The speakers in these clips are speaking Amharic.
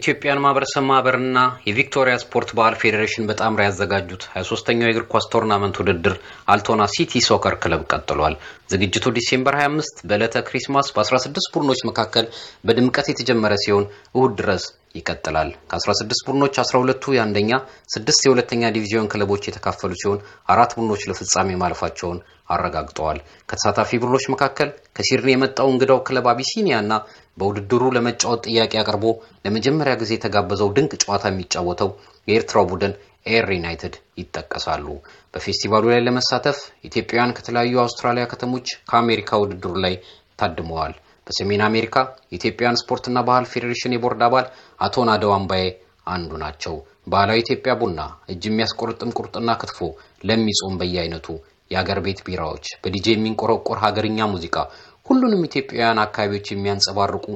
ኢትዮጵያን ማህበረሰብ ማህበርና የቪክቶሪያ ስፖርት ባህል ፌዴሬሽን በጣምራ ያዘጋጁት 23ኛው የእግር ኳስ ቶርናመንት ውድድር አልቶና ሲቲ ሶከር ክለብ ቀጥሏል። ዝግጅቱ ዲሴምበር 25 በዕለተ ክሪስማስ በ16 ቡድኖች መካከል በድምቀት የተጀመረ ሲሆን እሁድ ድረስ ይቀጥላል። ከ16 ቡድኖች 12ቱ የአንደኛ፣ ስድስት የሁለተኛ ዲቪዚዮን ክለቦች የተካፈሉ ሲሆን አራት ቡድኖች ለፍጻሜ ማለፋቸውን አረጋግጠዋል። ከተሳታፊ ቡድኖች መካከል ከሲድኒ የመጣው እንግዳው ክለብ አቢሲኒያና በውድድሩ ለመጫወት ጥያቄ አቅርቦ ለመጀመሪያ ጊዜ የተጋበዘው ድንቅ ጨዋታ የሚጫወተው የኤርትራው ቡድን ኤር ዩናይትድ ይጠቀሳሉ። በፌስቲቫሉ ላይ ለመሳተፍ ኢትዮጵያውያን ከተለያዩ አውስትራሊያ ከተሞች ከአሜሪካ ውድድሩ ላይ ታድመዋል። በሰሜን አሜሪካ የኢትዮጵያን ስፖርትና ባህል ፌዴሬሽን የቦርድ አባል አቶ ናደው አምባዬ አንዱ ናቸው። ባህላዊ ኢትዮጵያ ቡና፣ እጅ የሚያስቆርጥም ቁርጥና ክትፎ፣ ለሚጾም በየአይነቱ የአገር ቤት ቢራዎች፣ በዲጄ የሚንቆረቆር ሀገርኛ ሙዚቃ፣ ሁሉንም ኢትዮጵያውያን አካባቢዎች የሚያንጸባርቁ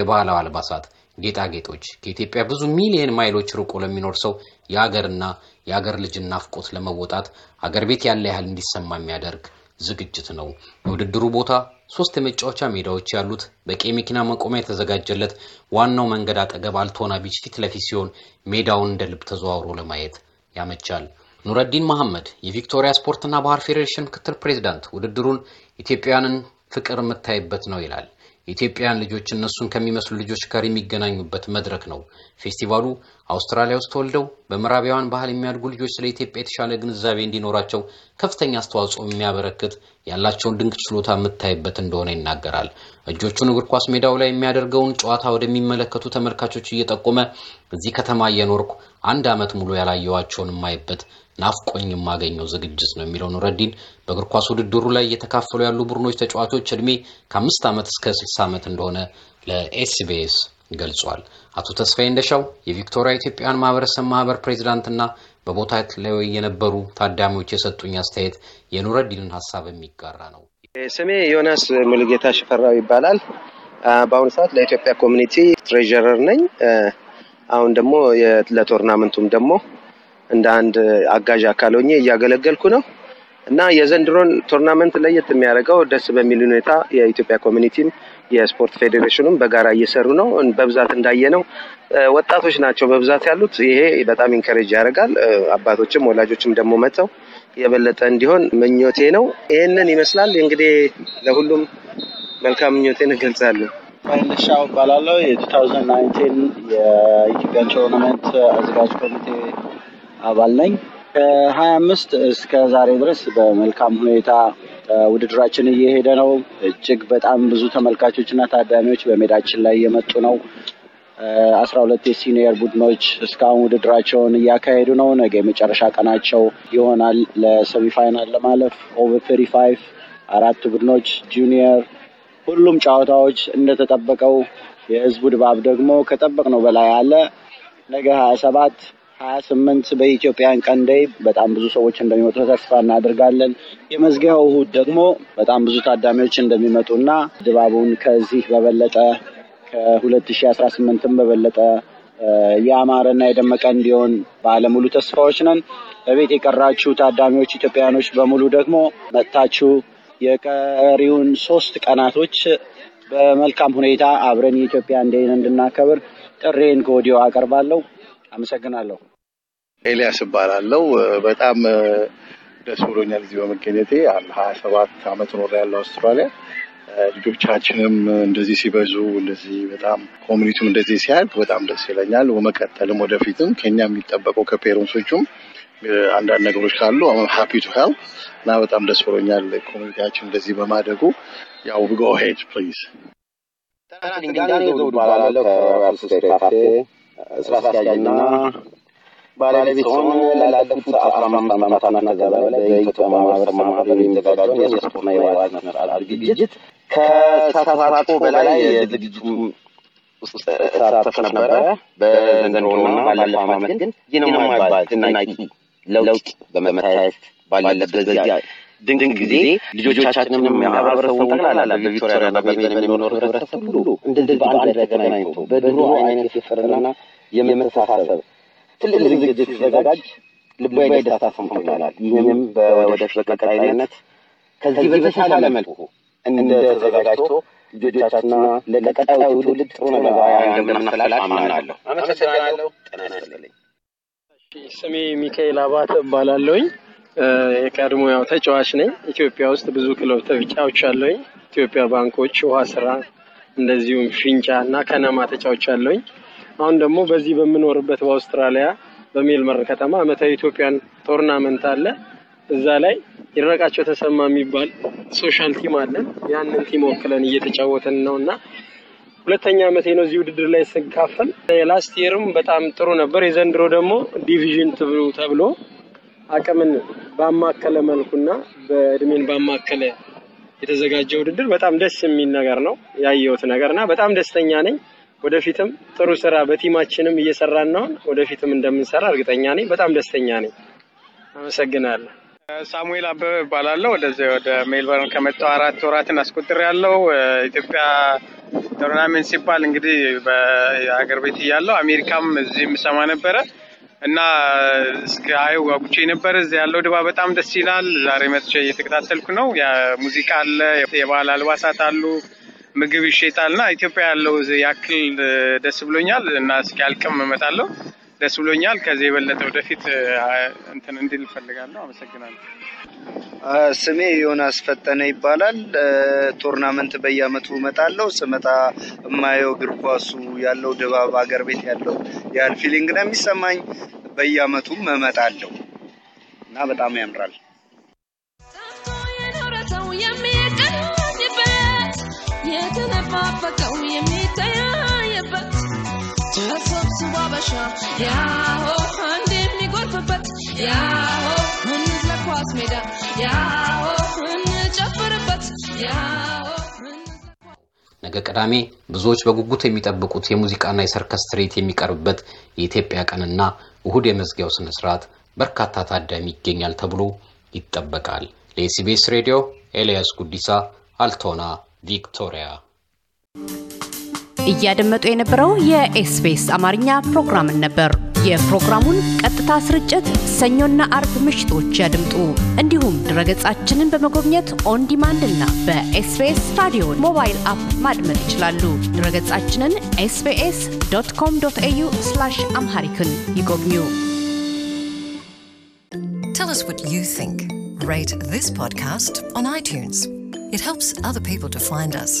የባህላዊ አልባሳት፣ ጌጣጌጦች ከኢትዮጵያ ብዙ ሚሊየን ማይሎች ርቆ ለሚኖር ሰው የአገርና የአገር ልጅ ናፍቆት ለመወጣት አገር ቤት ያለ ያህል እንዲሰማ የሚያደርግ ዝግጅት ነው። የውድድሩ ቦታ ሶስት የመጫወቻ ሜዳዎች ያሉት በቂ መኪና መቆሚያ የተዘጋጀለት ዋናው መንገድ አጠገብ አልቶና ቢች ፊት ለፊት ሲሆን ሜዳውን እንደ ልብ ተዘዋውሮ ለማየት ያመቻል። ኑረዲን መሐመድ የቪክቶሪያ ስፖርትና ባህል ፌዴሬሽን ምክትል ፕሬዚዳንት ውድድሩን ኢትዮጵያውያንን ፍቅር የምታይበት ነው ይላል። የኢትዮጵያውያን ልጆች እነሱን ከሚመስሉ ልጆች ጋር የሚገናኙበት መድረክ ነው። ፌስቲቫሉ አውስትራሊያ ውስጥ ተወልደው በምዕራባውያን ባህል የሚያድጉ ልጆች ስለ ኢትዮጵያ የተሻለ ግንዛቤ እንዲኖራቸው ከፍተኛ አስተዋጽኦ የሚያበረክት ያላቸውን ድንቅ ችሎታ የምታይበት እንደሆነ ይናገራል። እጆቹን እግር ኳስ ሜዳው ላይ የሚያደርገውን ጨዋታ ወደሚመለከቱ ተመልካቾች እየጠቆመ እዚህ ከተማ እየኖርኩ አንድ ዓመት ሙሉ ያላየዋቸውን የማይበት ናፍቆኝ የማገኘው ዝግጅት ነው የሚለው ኑረዲን በእግር ኳስ ውድድሩ ላይ እየተካፈሉ ያሉ ቡድኖች ተጫዋቾች እድሜ ከአምስት ዓመት እስከ ስልሳ ዓመት እንደሆነ ለኤስቢኤስ ገልጿል። አቶ ተስፋዬ እንደሻው የቪክቶሪያ ኢትዮጵያውያን ማህበረሰብ ማህበር ፕሬዚዳንትና በቦታ ላይ የነበሩ ታዳሚዎች የሰጡኝ አስተያየት የኑረዲንን ሀሳብ የሚጋራ ነው። ስሜ ዮናስ ሙሉጌታ ሽፈራው ይባላል። በአሁኑ ሰዓት ለኢትዮጵያ ኮሚኒቲ ትሬዥረር ነኝ። አሁን ደግሞ ለቶርናመንቱም ደግሞ እንደ አንድ አጋዥ አካል ሆኜ እያገለገልኩ ነው እና የዘንድሮን ቶርናመንት ለየት የሚያደርገው ደስ በሚል ሁኔታ የኢትዮጵያ ኮሚኒቲም የስፖርት ፌዴሬሽኑም በጋራ እየሰሩ ነው። በብዛት እንዳየ ነው። ወጣቶች ናቸው በብዛት ያሉት። ይሄ በጣም ኢንከሬጅ ያደርጋል። አባቶችም ወላጆችም ደግሞ መጥተው የበለጠ እንዲሆን ምኞቴ ነው። ይህንን ይመስላል እንግዲህ ለሁሉም መልካም ምኞቴን እገልጻለሁ። ባይነሻው እባላለሁ የ2019 የኢትዮጵያን ቶርናመንት አዘጋጅ ኮሚቴ አባል ነኝ። ከሀያ አምስት እስከ ዛሬ ድረስ በመልካም ሁኔታ ውድድራችን እየሄደ ነው። እጅግ በጣም ብዙ ተመልካቾችና ታዳሚዎች በሜዳችን ላይ የመጡ ነው። አስራ ሁለት የሲኒየር ቡድኖች እስካሁን ውድድራቸውን እያካሄዱ ነው። ነገ የመጨረሻ ቀናቸው ይሆናል ለሰሚፋይናል ለማለፍ ኦቨር ፍሪ ፋይቭ አራቱ ቡድኖች ጁኒየር፣ ሁሉም ጨዋታዎች እንደተጠበቀው የህዝቡ ድባብ ደግሞ ከጠበቅነው በላይ አለ። ነገ ሀያ ሰባት ሀያ ስምንት በኢትዮጵያን ቀን በጣም ብዙ ሰዎች እንደሚመጡ ተስፋ እናደርጋለን። የመዝጊያው እሁድ ደግሞ በጣም ብዙ ታዳሚዎች እንደሚመጡና ድባቡን ከዚህ በበለጠ ከ2018ም በበለጠ የአማረና የደመቀ እንዲሆን ባለሙሉ ተስፋዎች ነን። በቤት የቀራችሁ ታዳሚዎች ኢትዮጵያኖች በሙሉ ደግሞ መጥታችሁ የቀሪውን ሶስት ቀናቶች በመልካም ሁኔታ አብረን የኢትዮጵያ እንዴን እንድናከብር ጥሬን ከወዲሁ አቀርባለሁ። አመሰግናለሁ። ኤልያስ እባላለሁ። በጣም ደስ ብሎኛል እዚህ በመገኘቴ። አንድ ሀያ ሰባት አመት ኖር ያለው አውስትራሊያ ልጆቻችንም እንደዚህ ሲበዙ እንደዚህ በጣም ኮሚኒቲም እንደዚህ ሲያድግ በጣም ደስ ይለኛል። በመቀጠልም ወደፊትም ከኛ የሚጠበቀው ከፔሬንሶቹም አንዳንድ ነገሮች ካሉ ሀፒ ቱ ሄልፕ እና በጣም ደስ ብሎኛል ኮሚኒቲያችን እንደዚህ በማደጉ። ያው ጎ ሄድ ፕሊዝ ስራ አስኪያጅና ባለቤት ሲሆን ላለፉት አስራ አምስት ዓመታትና ከዚያ በላይ በኢትዮጵያ ማህበረሰብ ማህበር የሚዘጋጀውን የስፖርትና የዋዝነት ስርዓት ዝግጅት ከተሳታፎ በላይ የዝግጅቱ ውስጥ ሳተፍ ነበረ። በዘንድሮና ባለፈው ዓመት ግን ይህ ነው የማይባል ዝናቂ ለውጥ በመታየት ባለበት በዚያ ድንቅ ጊዜ ልጆቻችንም ማህበረሰቡን ጠቅላላ በቪክቶሪያ በቤተን የሚኖር ህብረተሰብ ሁሉ እንደዚህ በአንድ ላይ ተገናኝቶ በድሮ አይነት የፍቅርና የመተሳሰብ ትልቅ ዝግጅት ሲዘጋጅ ልባዊ ደስታ ሰምቶኛል። ይህም በወደፊት በቀጣይነት ከዚህ በተሻለ መልኩ እንደተዘጋጅቶ ልጆቻችንና ለቀጣዩ ትውልድ ጥሩ ነገር እንደምናፈላል አምናለሁ። አመሰግናለሁ። ጤና ይስጥልኝ። ስሜ ሚካኤል አባተ እባላለሁኝ። የቀድሞ ያው ተጫዋች ነኝ። ኢትዮጵያ ውስጥ ብዙ ክለብ ተጫውቻለሁኝ። ኢትዮጵያ ባንኮች፣ ውሃ ስራ፣ እንደዚሁም ፊንጫ እና ከነማ ተጫውቻለሁኝ። አሁን ደግሞ በዚህ በምኖርበት በአውስትራሊያ በሜልበርን ከተማ አመታዊ ኢትዮጵያን ቶርናመንት አለ። እዛ ላይ ይረቃቸው ተሰማ የሚባል ሶሻል ቲም አለን። ያንን ቲም ወክለን እየተጫወተን ነው እና ሁለተኛ ዓመቴ ነው እዚህ ውድድር ላይ ስንካፈል። ላስት የርም በጣም ጥሩ ነበር። የዘንድሮ ደግሞ ዲቪዥን ተብሎ አቅምን ባማከለ መልኩና በእድሜን ባማከለ የተዘጋጀ ውድድር በጣም ደስ የሚል ነገር ነው ያየሁት ነገር እና በጣም ደስተኛ ነኝ። ወደፊትም ጥሩ ስራ በቲማችንም እየሰራን ነው። ወደፊትም እንደምንሰራ እርግጠኛ ነኝ። በጣም ደስተኛ ነኝ። አመሰግናለሁ። ሳሙኤል አበበ እባላለሁ። ወደዚህ ወደ ሜልበርን ከመጣሁ አራት ወራትን አስቆጥር ያለው ኢትዮጵያ ቶርናሜንት ሲባል እንግዲህ በሀገር ቤት እያለሁ አሜሪካም እዚህ የምሰማ ነበረ እና እስከ አየው ጓጉቼ ነበር። እዚ ያለው ድባብ በጣም ደስ ይላል። ዛሬ መጥቼ እየተከታተልኩ ነው። ሙዚቃ አለ፣ የባህል አልባሳት አሉ፣ ምግብ ይሸጣል እና ኢትዮጵያ ያለው ያክል ደስ ብሎኛል እና እስኪ አልቅም እመጣለሁ። ደስ ብሎኛል። ከዚህ የበለጠ ወደፊት እንትን እንዲል እፈልጋለሁ። አመሰግናለሁ። ስሜ ዮናስ ፈጠነ ይባላል። ቶርናመንት በየአመቱ እመጣለሁ። ስመጣ የማየው እግር ኳሱ ያለው ድባብ አገር ቤት ያለው ያህል ፊሊንግ ነው የሚሰማኝ። በየአመቱም እመጣለሁ እና በጣም ያምራል። Yeah. ነገ ቅዳሜ ብዙዎች በጉጉት የሚጠብቁት የሙዚቃና የሰርከስ ትርኢት የሚቀርብበት የኢትዮጵያ ቀንና እሁድ የመዝጊያው ስነ ስርዓት በርካታ ታዳሚ ይገኛል ተብሎ ይጠበቃል። ለኤስቢኤስ ሬዲዮ ኤልያስ ጉዲሳ አልቶና ቪክቶሪያ። እያደመጡ የነበረው የኤስቢኤስ አማርኛ ፕሮግራምን ነበር። የፕሮግራሙን ቀጥታ ስርጭት ሰኞና አርብ ምሽቶች ያድምጡ። እንዲሁም ድረገጻችንን በመጎብኘት ኦን ዲማንድ እና በኤስቢኤስ ራዲዮ ሞባይል አፕ ማድመጥ ይችላሉ። ድረገጻችንን ኤስቢኤስ ዶት ኮም ዶት ኤዩ አምሃሪክን ይጎብኙ። Tell us what you think. Rate this podcast on iTunes. It helps other people to find us.